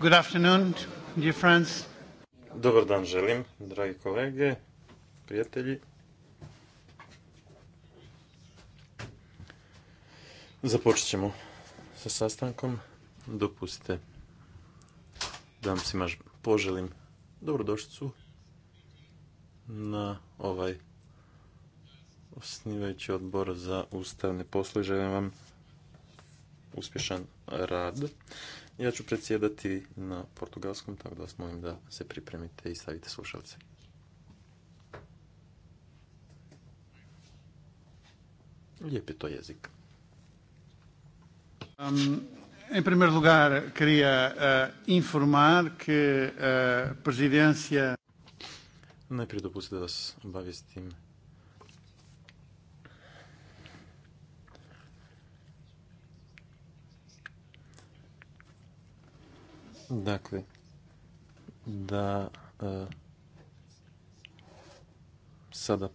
Good afternoon, dear friends. Dobar dan želim, dragi kolege, prijatelji. Započet ćemo sa sastankom. Dopustite da vam svima poželim dobrodošlicu na ovaj osnivajući odbor za ustavne poslove. Želim vam uspješan rad. Ja ću predsjedati na portugalskom, tako da vas molim da se pripremite i stavite slušalce. Lijep je to jezik. Um, em primeiro lugar, queria uh, informar que uh, presidência... Najprije dopustite da vas obavijestim Dakle, da e, sada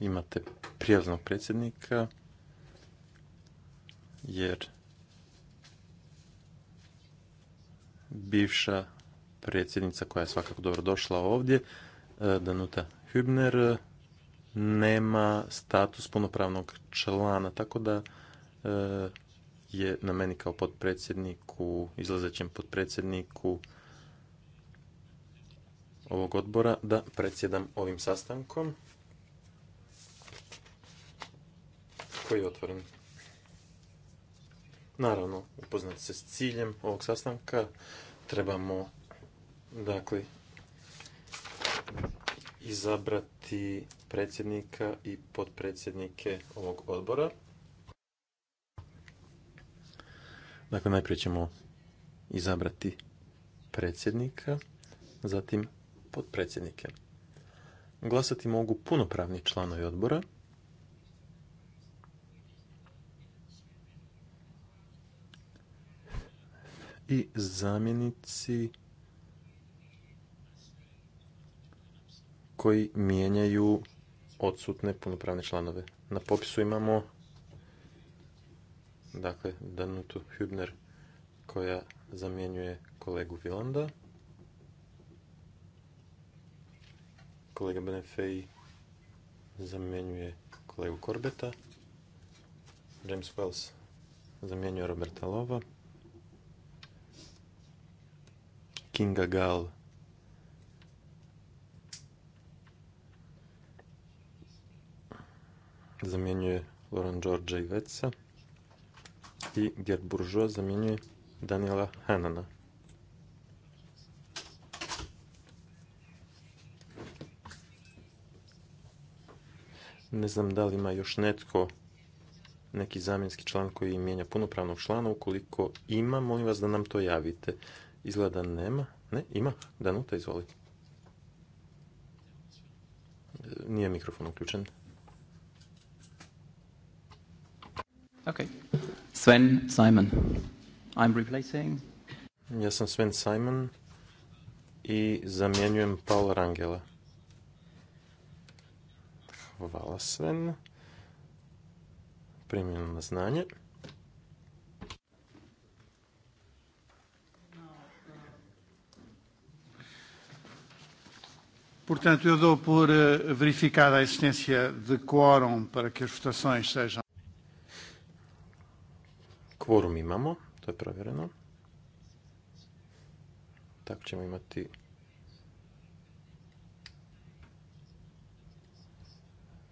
imate prijaznog predsjednika, jer bivša predsjednica koja je svakako dobro došla ovdje, e, Danuta Hübner, nema status punopravnog člana, tako da e, je na meni kao potpredsjedniku, izlazećem potpredsjedniku ovog odbora da predsjedam ovim sastankom koji je otvoren. Naravno, upoznat se s ciljem ovog sastanka, trebamo dakle izabrati predsjednika i potpredsjednike ovog odbora. Dakle, najprije ćemo izabrati predsjednika, zatim podpredsjednike. Glasati mogu punopravni članovi odbora. I zamjenici koji mijenjaju odsutne punopravne članove. Na popisu imamo dakle Danutu Hübner koja zamjenjuje kolegu Vilanda. Kolega Benefej zamjenjuje kolegu Korbeta. James Wells zamjenjuje Roberta Lova. Kinga Gal zamjenjuje Loran George i Vetsa i Gerd Buržo zamjenjuje Daniela Hanana. Ne znam da li ima još netko neki zamjenski član koji mijenja punopravnog člana. Ukoliko ima, molim vas da nam to javite. Izgleda nema. Ne, ima. Danuta, izvoli. Nije mikrofon uključen. Sven Simon. I'm replacing. Ja sam Sven Simon i zamjenjujem Paula Rangela. Hvala Sven. Primjeno na znanje. Portanto, eu dou por eh, verificada a existência de quórum para que as votações sejam Kvorum imamo, to je provjereno. Tako ćemo imati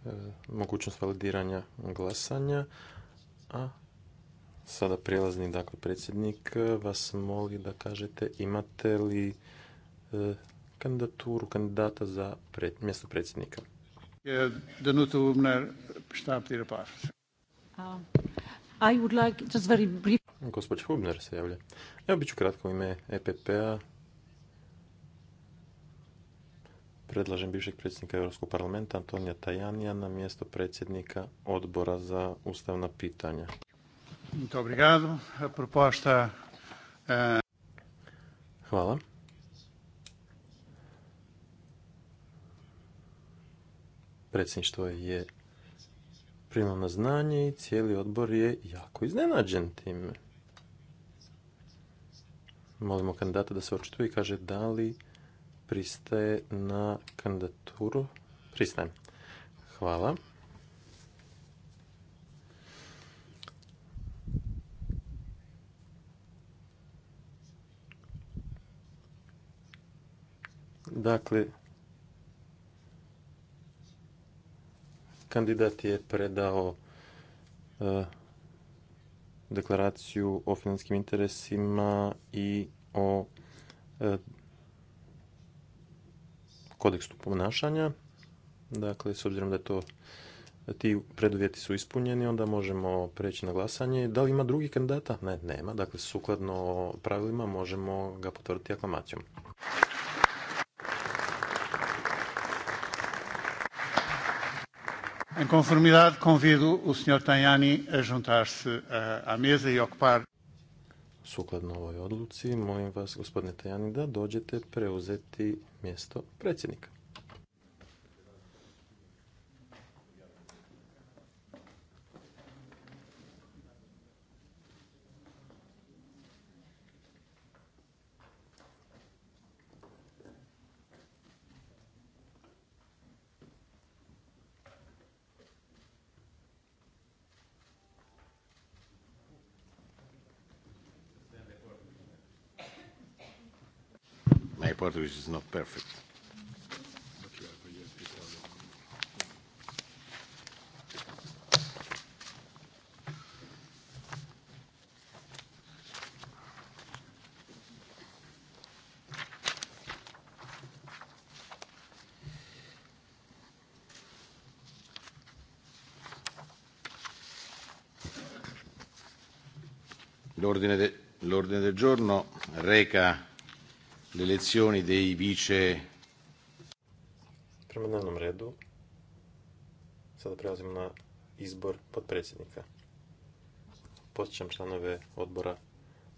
e, mogućnost validiranja glasanja. A sada prijelazni dakle, predsjednik vas moli da kažete imate li e, kandidaturu kandidata za mjesto predsjednika. Danuta i Gospodin Hubner se javlja. Evo bit ću kratko ime EPP-a. Predlažem bivšeg predsjednika Europskog parlamenta Antonija Tajanija na mjesto predsjednika odbora za ustavna pitanja. E, Hvala. Predsjedništvo je primam na znanje i cijeli odbor je jako iznenađen time. Molimo kandidata da se očituje i kaže da li pristaje na kandidaturu. Pristajem. Hvala. Dakle, kandidat je predao e, deklaraciju o financijskim interesima i o e, kodeksu ponašanja. Dakle, s obzirom da je to ti preduvjeti su ispunjeni, onda možemo preći na glasanje. Da li ima drugi kandidata? Ne, nema. Dakle, sukladno pravilima možemo ga potvrditi aklamacijom. Em conformidade, convido o Sr. Tajani a juntar-se eh, à mesa e ocupar... Sukladno ovoj odluci, molim vas, gospodine Tajani, da dođete preuzeti mjesto predsjednika. part which is not perfect. L'ordine de, del giorno reca l'elezione dei vice... Prema dnevnom redu sada prelazimo na izbor potpredsjednika. Posjećam članove odbora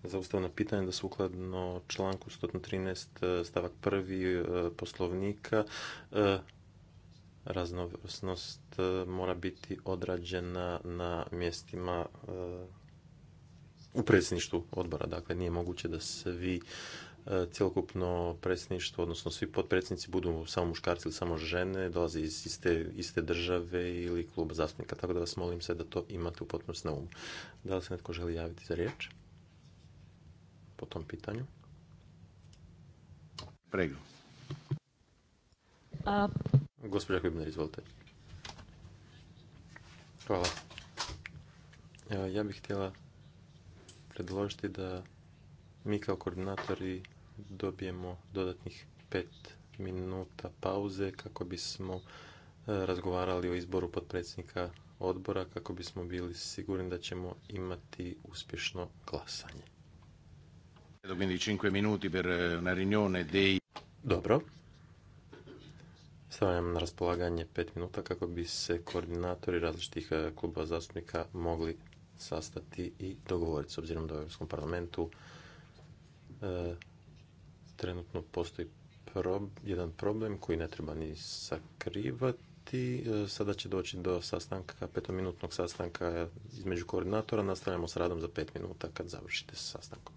za ustavna pitanja da sukladno ukladno članku 113 e, stavak 1 e, poslovnika e, raznovrsnost mora biti odrađena na mjestima u predsjedništvu odbora. Dakle, nije moguće da vi E, cjelokupno predsjedništvo, odnosno svi potpredsjednici budu samo muškarci ili samo žene, dolaze iz iste, iste države ili kluba zastupnika, tako da vas molim se da to imate u potpunosti na umu. Da li se netko želi javiti za riječ po tom pitanju? Prego. A... Gospođa Klibner, izvolite. Hvala. ja bih htjela predložiti da mi kao koordinatori dobijemo dodatnih pet minuta pauze kako bismo e, razgovarali o izboru potpredsjednika odbora kako bismo bili sigurni da ćemo imati uspješno glasanje. Eh, Dobro. Stavljam na raspolaganje pet minuta kako bi se koordinatori različitih eh, kluba zastupnika mogli sastati i dogovoriti s obzirom da u Europskom parlamentu eh, trenutno postoji jedan problem koji ne treba ni sakrivati. E, sada će doći do sastanka, petominutnog sastanka između koordinatora. Nastavljamo s radom za pet minuta kad završite s sastankom.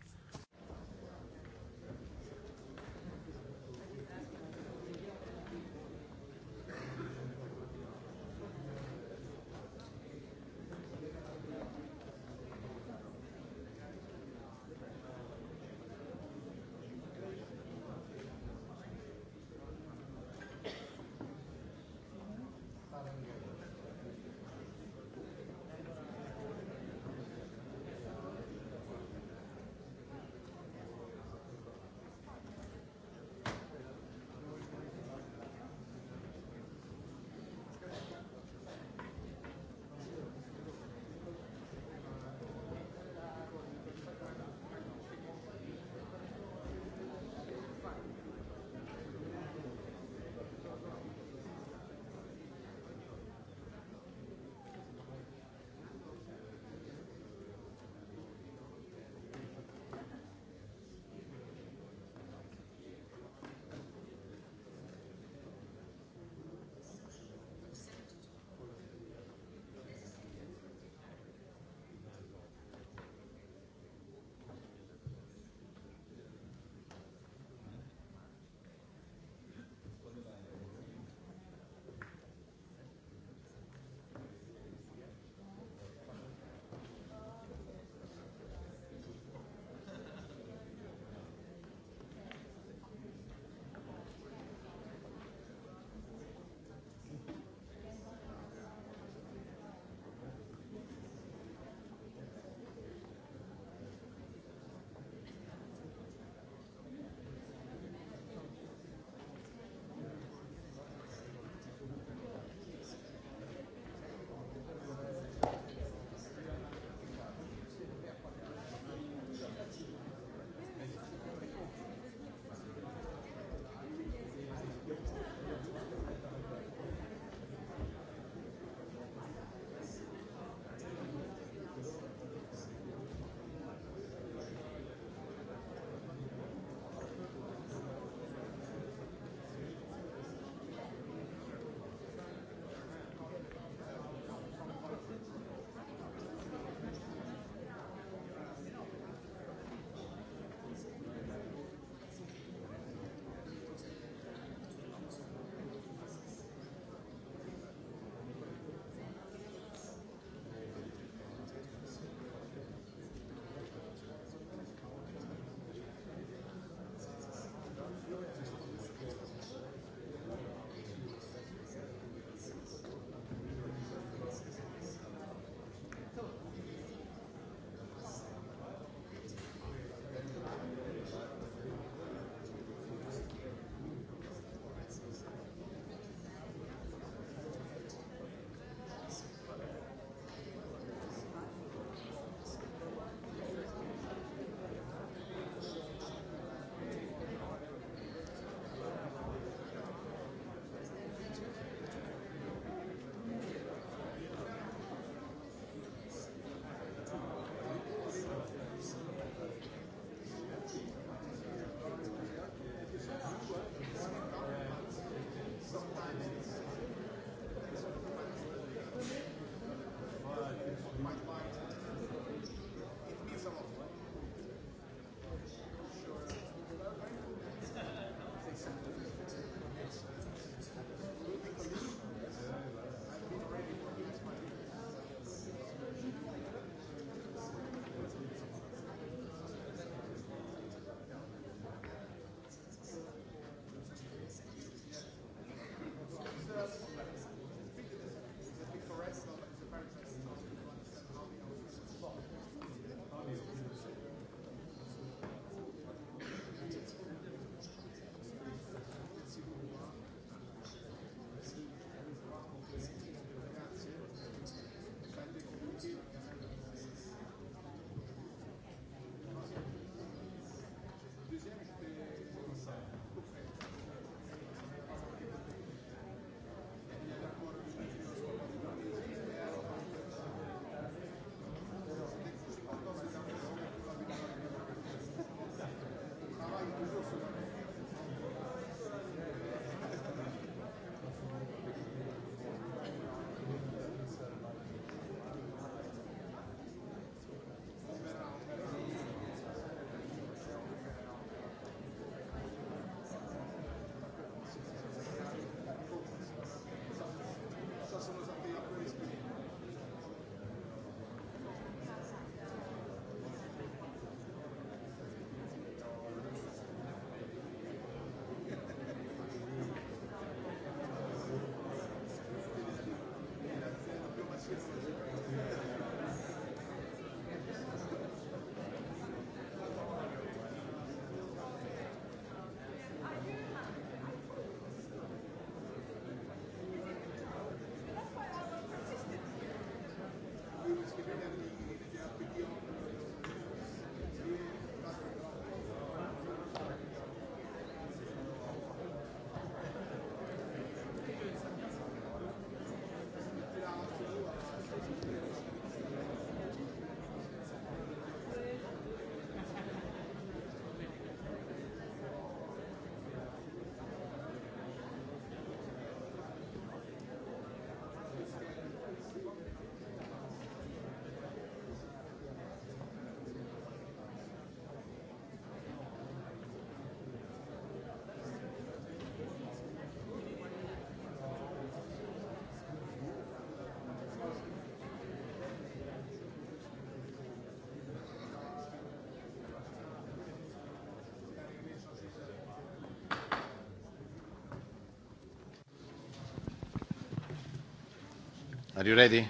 Are you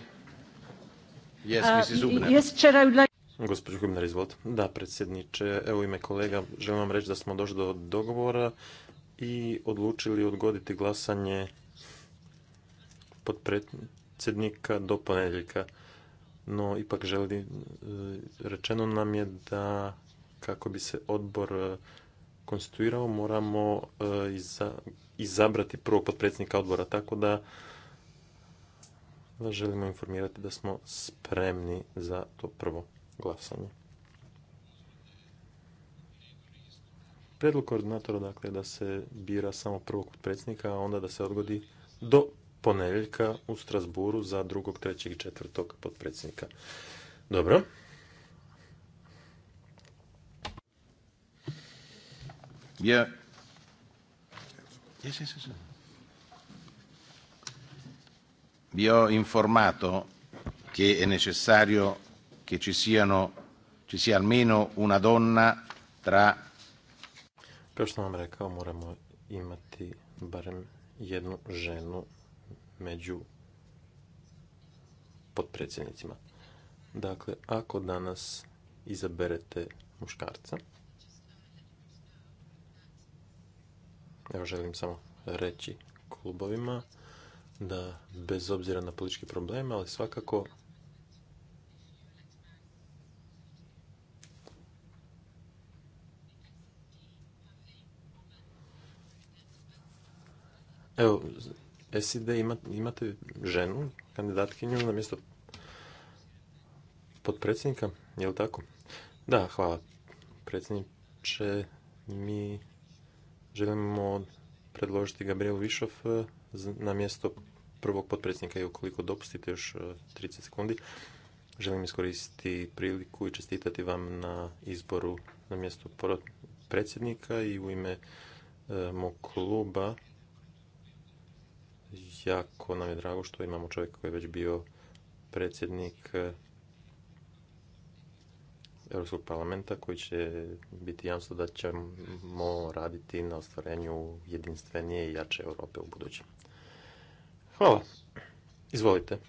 uh, Gospođo izvolite. Da, predsjedniče, evo ime kolega, želim vam reći da smo došli do dogovora i odlučili odgoditi glasanje podpredsjednika do ponedjeljka. No, ipak želi, e, rečeno nam je da kako bi se odbor e, konstituirao, moramo e, izabrati prvog podpredsjednika odbora, tako da vas želimo informirati da smo spremni za to prvo glasanje. Predlog koordinatora dakle da se bira samo prvog predsjednika, a onda da se odgodi do ponedjeljka u Strasburu za drugog, trećeg i četvrtog potpredsjednika. Dobro. yes. bio informato che è necessario che ci siano ci sia almeno una donna tra Kao što vam rekao, moramo imati barem jednu ženu među potpredsjednicima. Dakle, ako danas izaberete muškarca, evo želim samo reći klubovima, da bez obzira na političke probleme, ali svakako Evo, SID imate ženu, kandidatkinju na mjesto podpredsjednika, je li tako? Da, hvala predsjedniče. Mi želimo predložiti Gabriel Višov na mjesto prvog potpredsjednika i ukoliko dopustite još 30 e, sekundi, želim iskoristiti priliku i čestitati vam na izboru na mjesto predsjednika i u ime e, mog kluba jako nam je drago što imamo čovjeka koji je već bio predsjednik e, Europskog parlamenta koji će biti jamstvo da ćemo raditi na ostvarenju jedinstvenije i jače Europe u budućem. Hvala. Izvolite.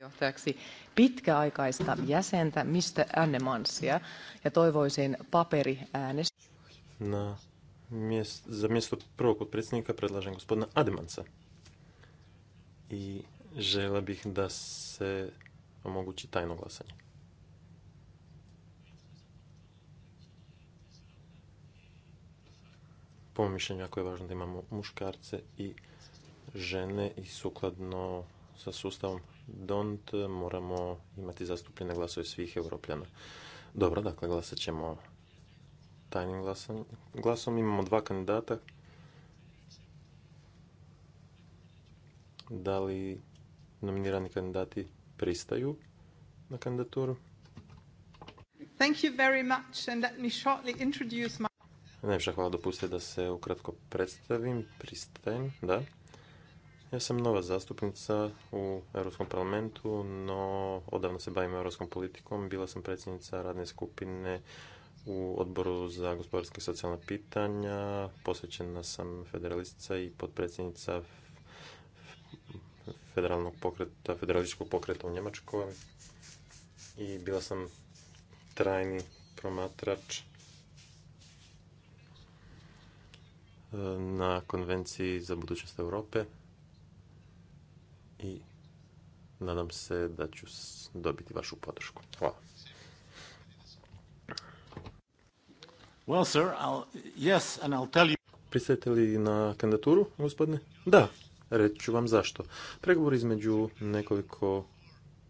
Johtajaksi pitkäaikaista jäsentä Mr. Annemansia ja toivoisin paperi Na, mjest, za mjesto prvog potpredsjednika predlažem gospodina Ademansa. I žela bih da se omogući tajno glasanje. Po mojom mišljenju, jako je važno da imamo muškarce i žene i sukladno sa sustavom DONT moramo imati zastupljene glasove svih europljana. Dobro, dakle, glasat ćemo tajnim glasom. Imamo dva kandidata. Da li nominirani kandidati pristaju na kandidaturu? Thank Najviše hvala dopustite da se ukratko predstavim, pristajem, da. Ja sam nova zastupnica u Europskom parlamentu, no odavno se bavim europskom politikom. Bila sam predsjednica radne skupine u odboru za gospodarske i socijalna pitanja. Posvećena sam federalistica i potpredsjednica federalnog pokreta, federalističkog pokreta u Njemačkoj. I bila sam trajni promatrač na konvenciji za budućnost Europe i nadam se da ću dobiti vašu podršku. Hvala. Well, li na kandidaturu, gospodine? Da, reći ću vam zašto. Pregovor između nekoliko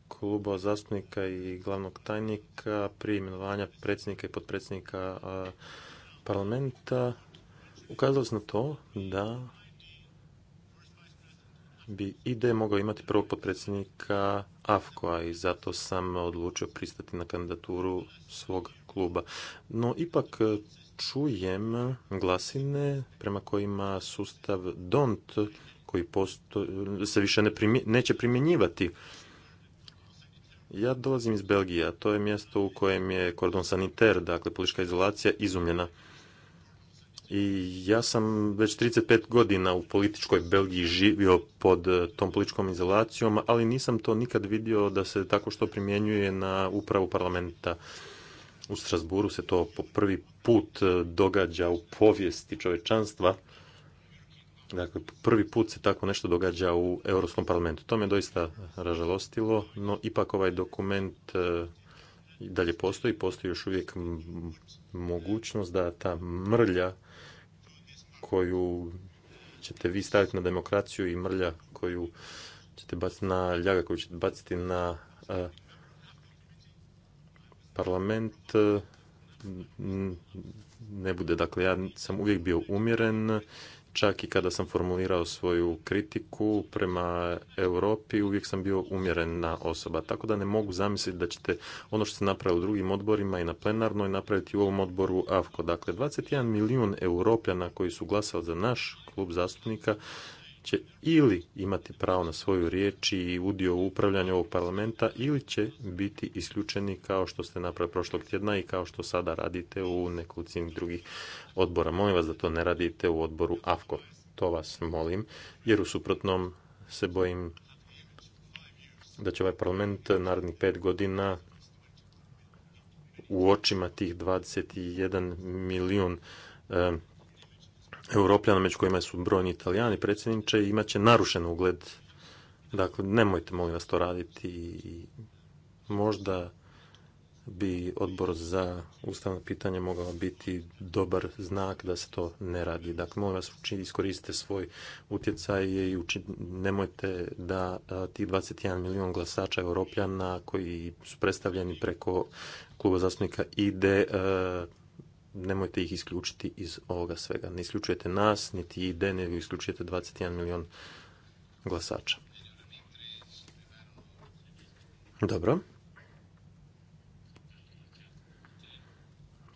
kluba zastupnika i glavnog tajnika prije imenovanja predsjednika i potpredsjednika parlamenta ukazao sam na to da bi IDE mogao imati prvog potpredsjednika Afkoa i zato sam odlučio pristati na kandidaturu svog kluba. No, ipak e, čujem glasine prema kojima sustav DONT koji e, se više neće primjenjivati. Ja dolazim iz Belgije, to je mjesto u kojem je kordon saniter, dakle politička izolacija, izumljena. I ja sam već 35 godina u političkoj Belgiji živio pod eh, tom političkom izolacijom, ali nisam to nikad vidio da se tako što primjenjuje na upravu parlamenta. U Strasburu se to po prvi put eh, događa u povijesti čovečanstva. Dakle, prvi put se tako nešto događa u Europskom parlamentu. To me doista ražalostilo, no ipak ovaj dokument eh, i dalje postoji. Postoji još uvijek mogućnost da ta mrlja koju ćete vi staviti na demokraciju i mrlja koju ćete baciti na ljaga koju ćete baciti na e, parlament e, ne bude. Dakle, ja sam uvijek bio umjeren čak i kada sam formulirao svoju kritiku prema Europi, uvijek sam bio umjerena osoba. Tako da ne mogu zamisliti da ćete ono što ste napravili u drugim odborima i na plenarnoj napraviti u ovom odboru AFKO. Dakle, 21 milijun europljana koji su glasali za naš klub zastupnika će ili imati pravo na svoju riječ i udio u upravljanju ovog parlamenta ili će biti isključeni kao što ste napravili prošlog tjedna i kao što sada radite u nekolicini drugih odbora. Molim vas da to ne radite u odboru AFKO. To vas molim, jer u suprotnom se bojim da će ovaj parlament narednih pet godina u očima tih 21 milijun eh, europljana, među kojima su brojni italijani, predsjedniče, imat će narušen ugled. Dakle, nemojte, molim vas, to raditi. možda bi odbor za ustavno pitanje mogao biti dobar znak da se to ne radi. Dakle, molim vas, iskoristite svoj utjecaj i nemojte da tih 21 milijun glasača europljana koji su predstavljeni preko kluba zastupnika ide nemojte ih isključiti iz ovoga svega. Ne isključujete nas, niti ide, nego isključujete 21 milion glasača. Dobro.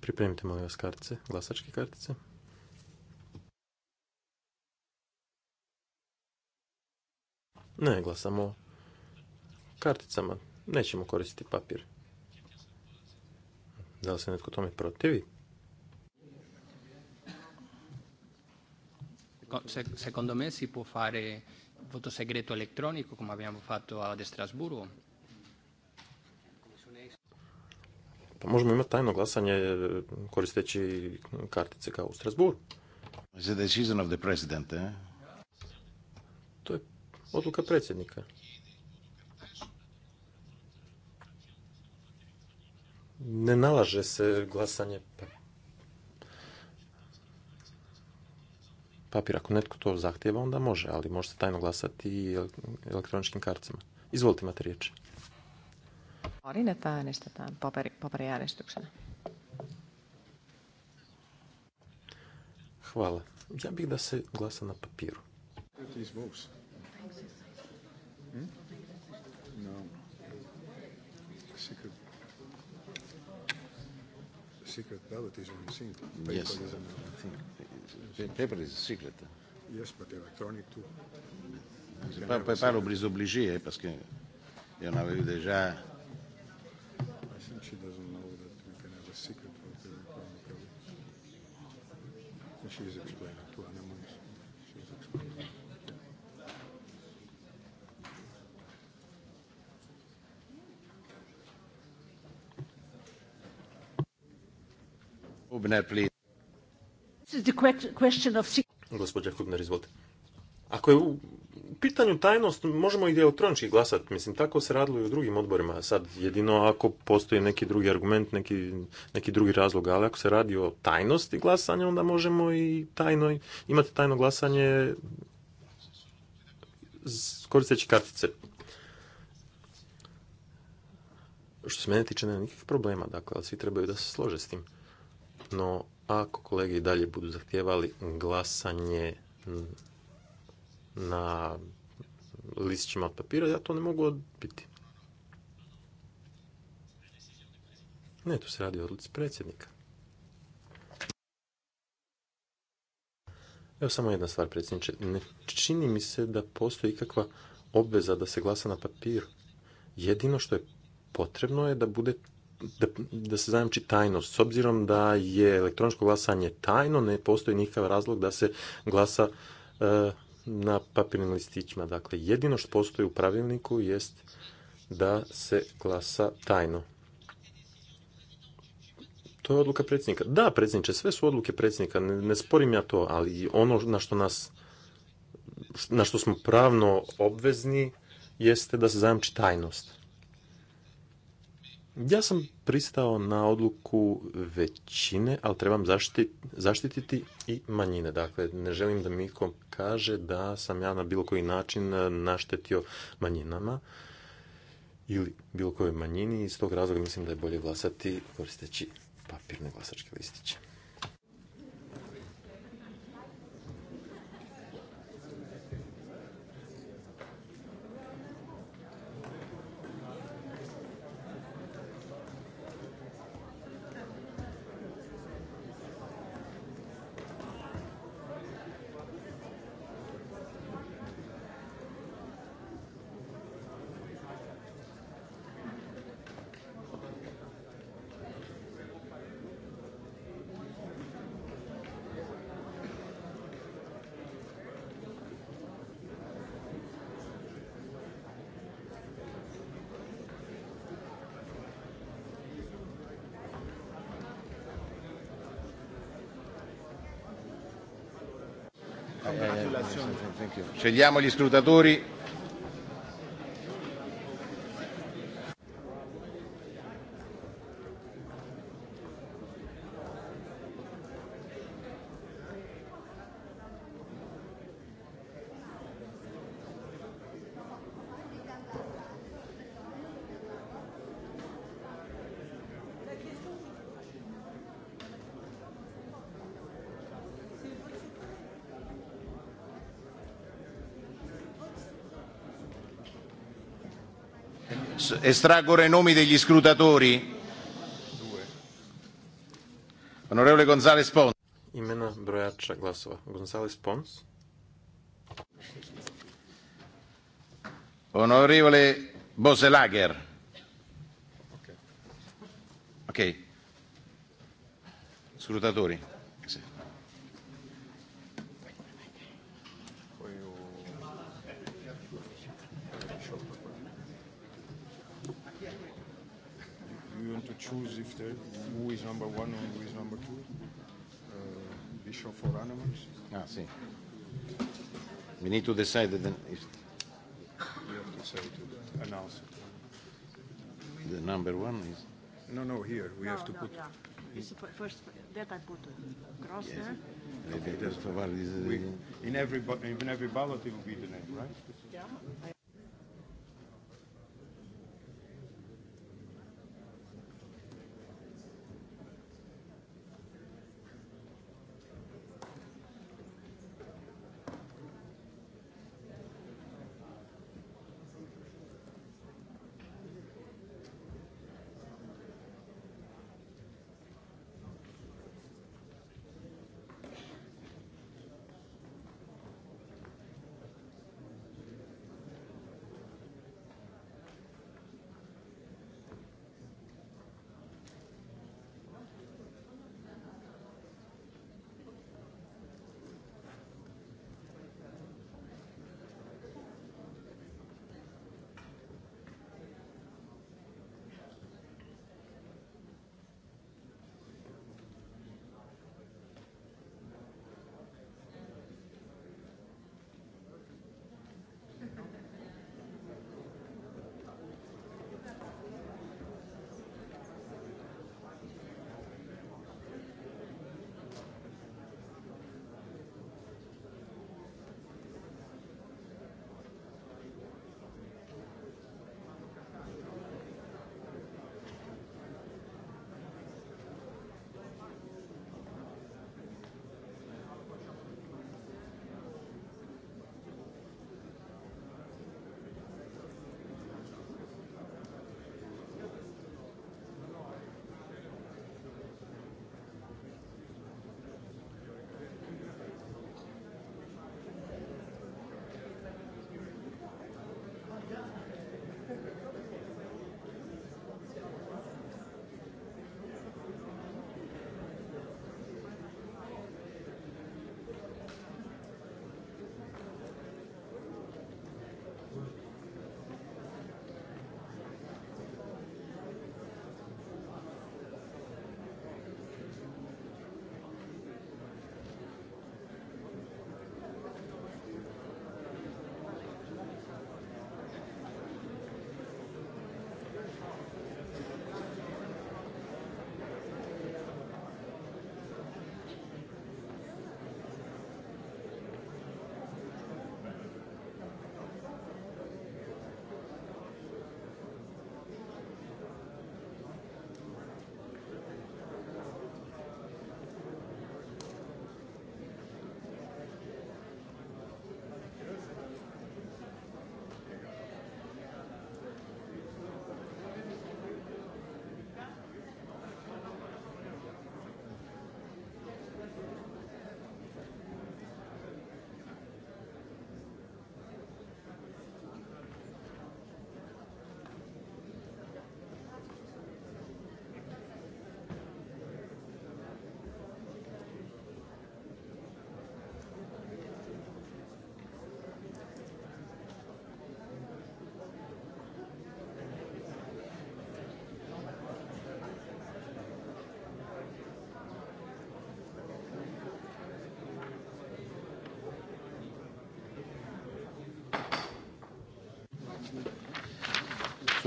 Pripremite molim vas kartice, glasačke kartice. Ne glasamo karticama, nećemo koristiti papir. Da li se netko tome protivi? secondo me si può fare voto segreto elettronico come abbiamo fatto ad Strasburgo. Pa možemo imati tajno glasanje eh, koristeći kartice kao u Strasburgu. It's decision of the president, eh? To je odluka predsjednika. Ne nalaže se glasanje pa papir. Ako netko to zahtjeva, onda može, ali možete tajno glasati i elektroničkim karticama. Izvolite, imate riječ. Pa Hvala. Ja bih da se glasa na papiru. Hmm? secret ballot is on Paper yes. Pa is Paper is secret. Eh? Yes, but electronic too. je znači, pas, eh, parce que y en avait déjà. secret Hubner, izvolite. Ako je u pitanju tajnost, možemo i elektronički glasati. Mislim, tako se radilo i u drugim odborima. Sad, jedino ako postoji neki drugi argument, neki, neki drugi razlog, ali ako se radi o tajnosti glasanja, onda možemo i tajno, imati tajno glasanje koristeći kartice. Što se mene tiče, nema nikakvih problema, dakle, ali svi trebaju da se slože s tim no ako kolege i dalje budu zahtijevali glasanje na listićima od papira, ja to ne mogu odbiti. Ne, tu se radi o odluci predsjednika. Evo samo jedna stvar, predsjedniče. Ne čini mi se da postoji ikakva obveza da se glasa na papiru. Jedino što je potrebno je da bude da, da se zajamči tajnost. S obzirom da je elektroničko glasanje tajno, ne postoji nikakav razlog da se glasa e, na papirnim listićima. Dakle, jedino što postoji u pravilniku jest da se glasa tajno. To je odluka predsjednika. Da, predsjedniče, sve su odluke predsjednika, ne, ne sporim ja to, ali ono na što nas, na što smo pravno obvezni, jeste da se zajamči tajnost. Ja sam pristao na odluku većine, ali trebam zaštititi i manjine. Dakle, ne želim da mi kaže da sam ja na bilo koji način naštetio manjinama ili bilo kojoj manjini. Iz tog razloga mislim da je bolje glasati koristeći papirne glasačke listiće. scegliamo gli scrutatori estraggono i nomi degli scrutatori. Onorevole Gonzalez Pons. Imena brojača glasova. Gonzales Pons. Onorevole Boselager. Ok. Scrutatori. register who is number one and who is number two? Uh, Bishop for animals? Ah, see. We need to decide that then if... we have to say to announce it. The number one is... No, no, here. We no, have to no, put... Yeah. the first that I put cross yes. there. Eh? Okay, in every in every ballot it will be the name, right? Yeah.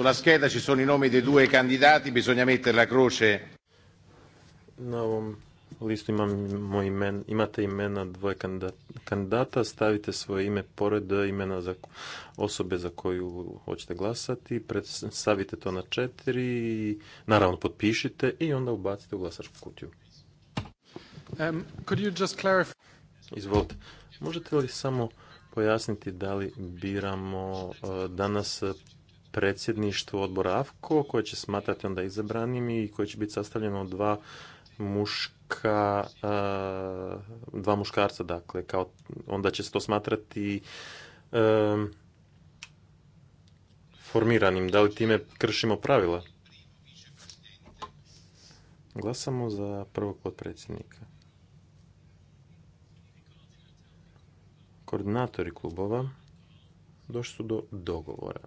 Sulla scheda ci sono i nomi dei due candidati, bisogna mettere la croce. Na ovom listu imate imena dvoje kandidata, stavite svoje ime pored imena za osobe za koju hoćete glasati, stavite to na četiri, naravno potpišite i onda ubacite u glasačku kutiju. Um, could you just clarify... Izvolite. Možete li samo pojasniti da li biramo uh, danas predsjedništvo odbora AFKO koje će smatrati onda izabranim i koje će biti sastavljeno od dva muška, eh, dva muškarca, dakle, kao, onda će se to smatrati eh, formiranim. Da li time kršimo pravila? Glasamo za prvog potpredsjednika. Koordinatori klubova došli su do dogovora.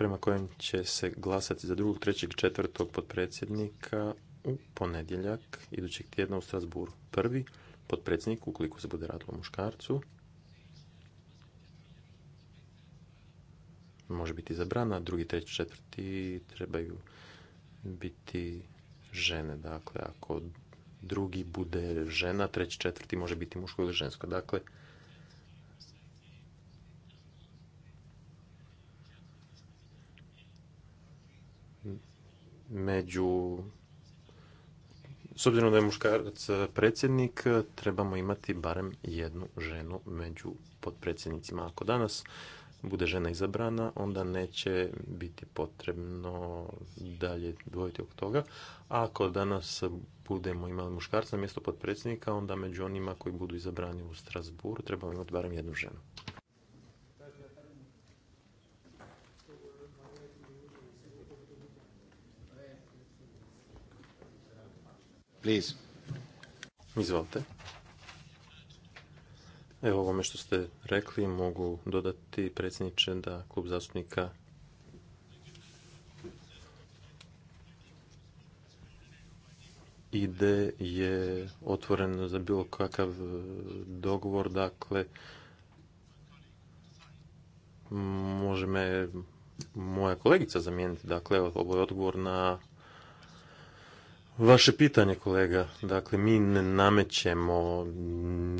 prema kojem će se glasati za drugog, trećeg, četvrtog potpredsjednika u ponedjeljak idućeg tjedna u Strasburu. Prvi potpredsjednik ukoliko se bude radilo muškarcu, može biti zabrana, drugi, treći, četvrti trebaju biti žene. Dakle, ako drugi bude žena, treći, četvrti može biti muško ili žensko. Dakle, među s obzirom da je muškarac predsjednik, trebamo imati barem jednu ženu među podpredsjednicima. Ako danas bude žena izabrana, onda neće biti potrebno dalje dvojiti oko toga. A ako danas budemo imali muškarca na mjesto podpredsjednika, onda među onima koji budu izabrani u Strasburu trebamo imati barem jednu ženu. Please. Izvolite. Evo ovome što ste rekli mogu dodati predsjedniče da klub zastupnika ide je otvoren za bilo kakav e, dogovor, dakle može me moja kolegica zamijeniti, dakle ovo je odgovor na Vaše pitanje, kolega. Dakle, mi ne namećemo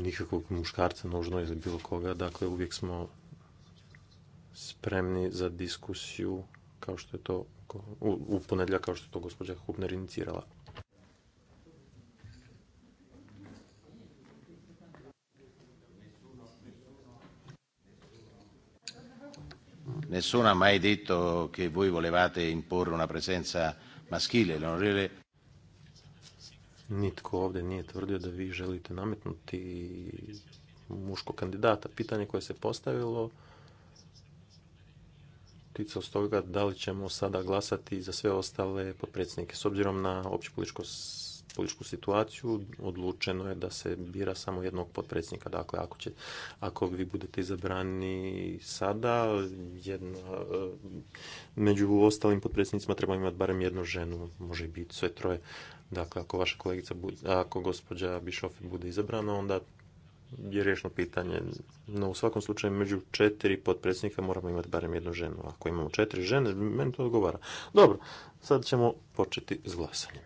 nikakvog muškarca nužno ili bilo koga. Dakle, uvijek smo spremni za diskusiju kao što je to u, u ponedlja kao što je to gospođa Hubner inicirala. Nessuno ha mai detto che voi volevate imporre una presenza maschile, l'onorevole Nitko ovdje nije tvrdio da vi želite nametnuti muško kandidata. Pitanje koje se postavilo ticao toga da li ćemo sada glasati za sve ostale potpredsjednike. S obzirom na opće političko političku situaciju, odlučeno je da se bira samo jednog potpredsjednika. Dakle, ako, će, ako vi budete izabrani sada, jedna, e, među ostalim potpredsjednicima treba imati barem jednu ženu, može biti sve troje. Dakle, ako vaša kolegica, ako gospođa Bišof bude izabrana, onda je rješno pitanje. No, u svakom slučaju, među četiri potpredsjednika moramo imati barem jednu ženu. Ako imamo četiri žene, meni to odgovara. Dobro, sad ćemo početi s glasanjem.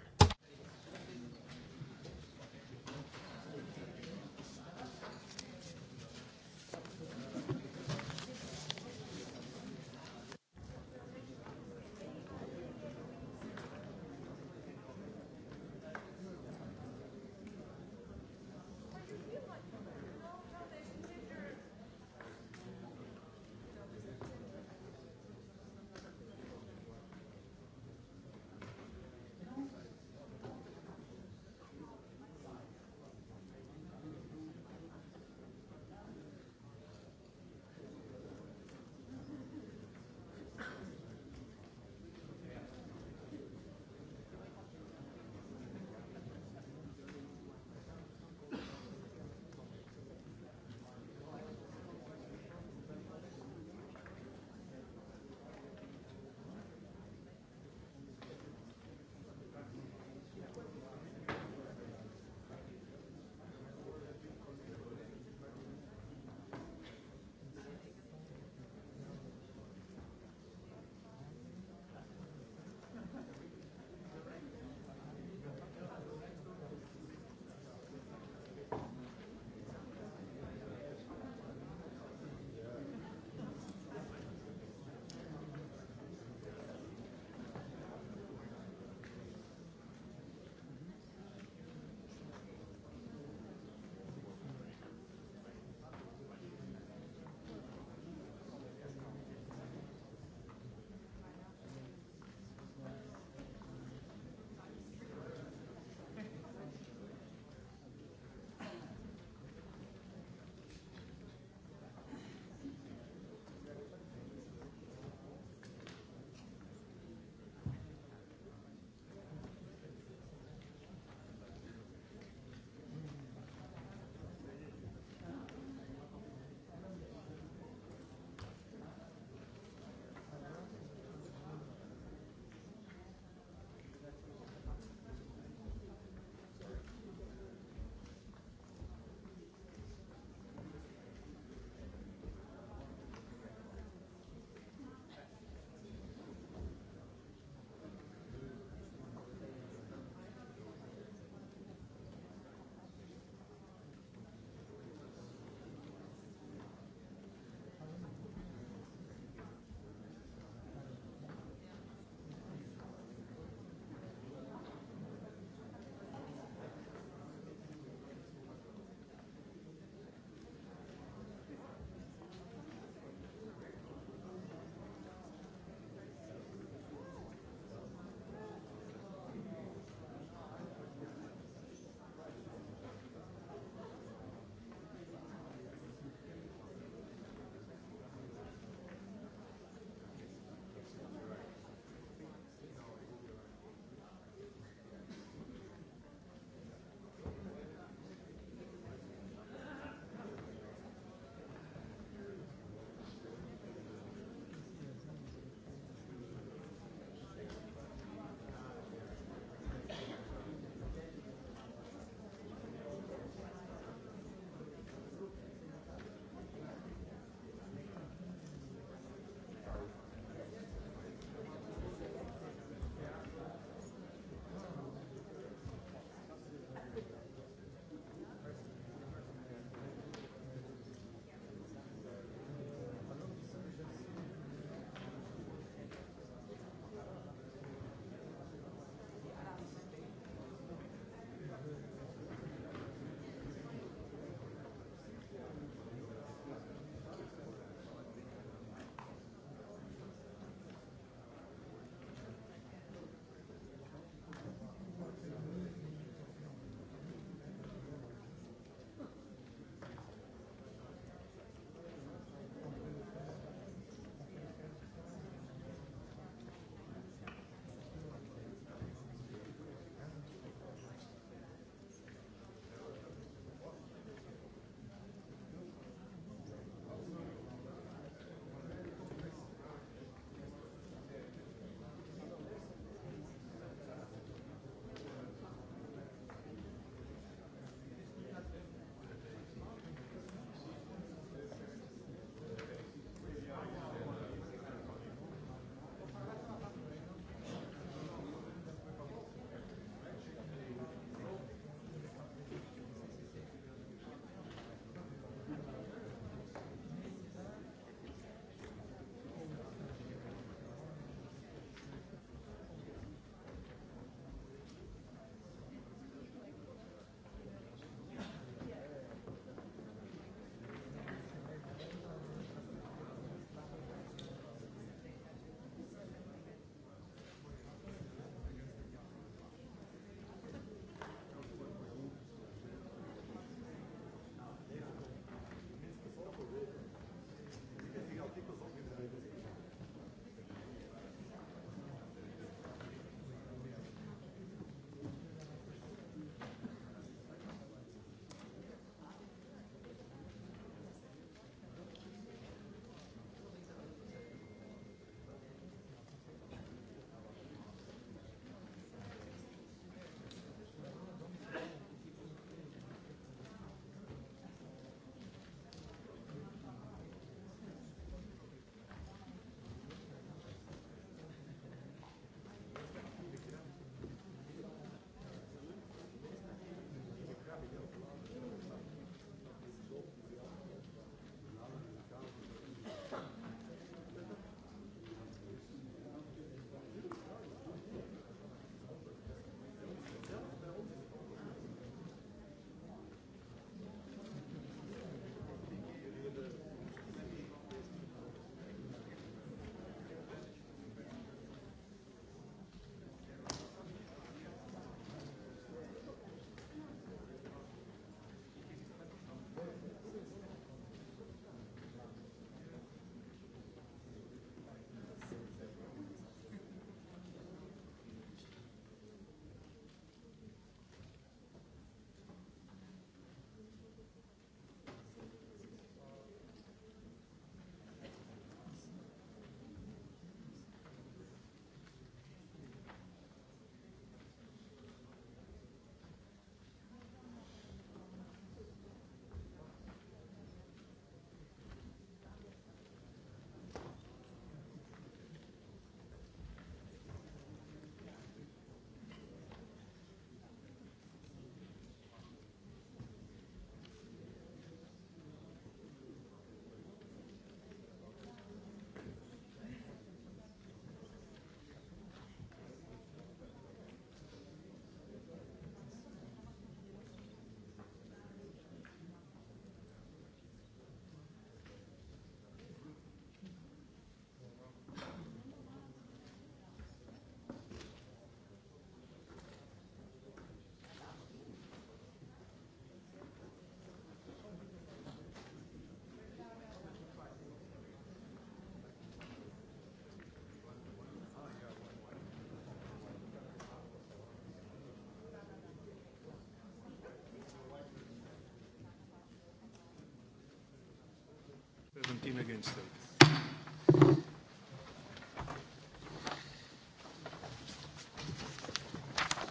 team against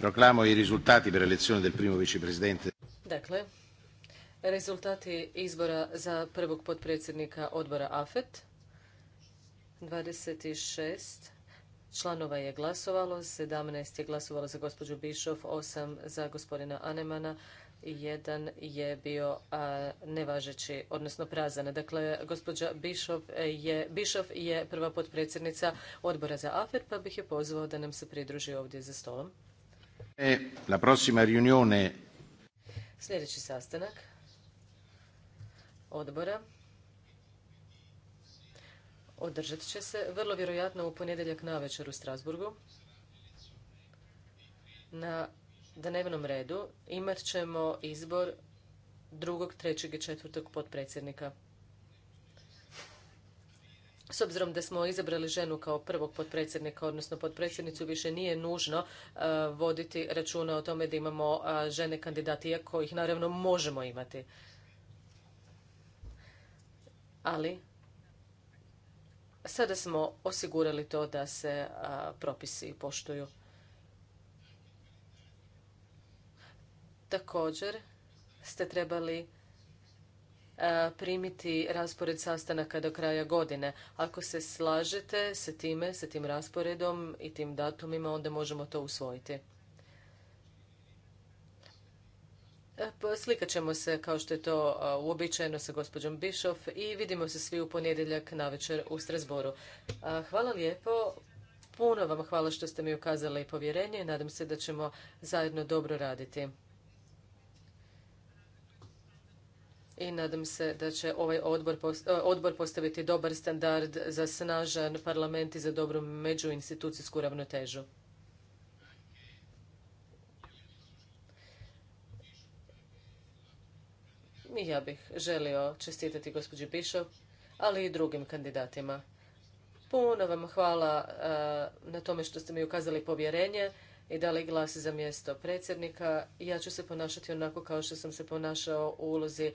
Proclamo i rezultati per l'elezione del primo vicepresidente. Dakle, rezultati izbora za prvog potpredsjednika odbora AFET. 26 članova je glasovalo, 17 je glasovalo za gospođu Bišov, 8 za gospodina Anemana, jedan je bio nevažeći, odnosno prazan. Dakle, gospođa Bišov je, prva potpredsjednica odbora za AFER, pa bih je pozvao da nam se pridruži ovdje za stolom. E, Sljedeći sastanak odbora održat će se vrlo vjerojatno u ponedjeljak navečer u Strasburgu na dnevnom redu imat ćemo izbor drugog, trećeg i četvrtog potpredsjednika. S obzirom da smo izabrali ženu kao prvog potpredsjednika, odnosno potpredsjednicu, više nije nužno e, voditi računa o tome da imamo e, žene kandidati, iako ih naravno možemo imati. Ali sada smo osigurali to da se e, propisi poštuju. Također ste trebali e, primiti raspored sastanaka do kraja godine. Ako se slažete sa time, sa tim rasporedom i tim datumima, onda možemo to usvojiti. E, pa slikat ćemo se, kao što je to e, uobičajeno, sa gospođom Bišov i vidimo se svi u ponedjeljak na večer u Strasboru. Hvala lijepo. Puno vam hvala što ste mi ukazali povjerenje i nadam se da ćemo zajedno dobro raditi. i nadam se da će ovaj e, odbor postaviti dobar standard za snažan parlament i za dobru međuinstitucijsku ravnotežu. I ja bih želio čestitati gospođi Bishop, ali i drugim kandidatima. Puno vam hvala e, na tome što ste mi ukazali povjerenje i dali glas za mjesto predsjednika. Ja ću se ponašati onako kao što sam se ponašao u ulozi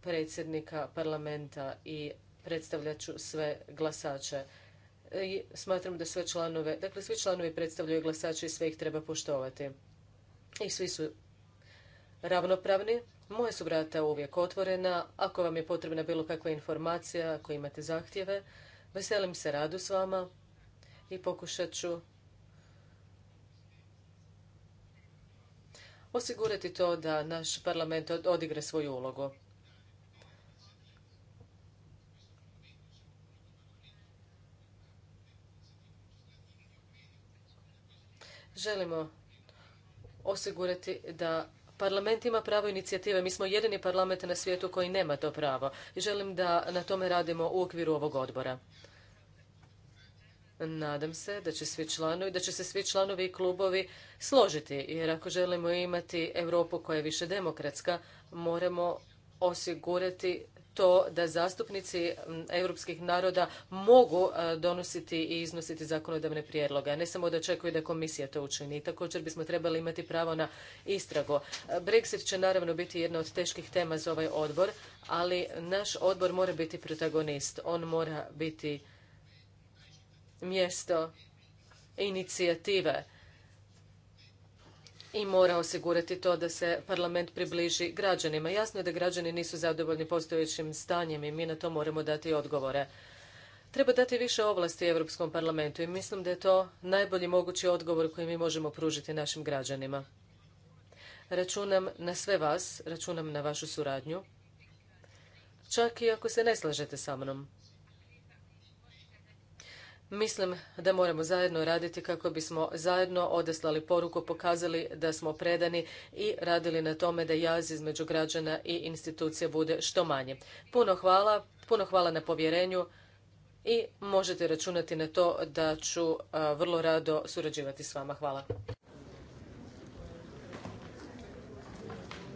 predsjednika parlamenta i predstavljat ću sve glasače. smatram da sve članove, dakle svi članovi predstavljaju glasače i sve ih treba poštovati. I svi su ravnopravni. Moje su vrata uvijek otvorena. Ako vam je potrebna bilo kakva informacija, ako imate zahtjeve, veselim se radu s vama i pokušat ću osigurati to da naš parlament odigre svoju ulogu. Želimo osigurati da Parlament ima pravo inicijative. Mi smo jedini parlament na svijetu koji nema to pravo. I želim da na tome radimo u okviru ovog odbora. Nadam se da će svi članovi, da će se svi članovi i klubovi složiti, jer ako želimo imati Europu koja je više demokratska, moramo osigurati to da zastupnici europskih naroda mogu donositi i iznositi zakonodavne prijedloge, a ne samo da očekuju da komisija to učini. također bismo trebali imati pravo na istragu. Brexit će naravno biti jedna od teških tema za ovaj odbor, ali naš odbor mora biti protagonist. On mora biti mjesto inicijative i mora osigurati to da se parlament približi građanima. Jasno je da građani nisu zadovoljni postojećim stanjem i mi na to moramo dati odgovore. Treba dati više ovlasti Europskom parlamentu i mislim da je to najbolji mogući odgovor koji mi možemo pružiti našim građanima. Računam na sve vas, računam na vašu suradnju, čak i ako se ne slažete sa mnom. Mislim da moramo zajedno raditi kako bismo zajedno odeslali poruku, pokazali da smo predani i radili na tome da jaz između građana i institucija bude što manje. Puno hvala, puno hvala na povjerenju i možete računati na to da ću vrlo rado surađivati s vama. Hvala.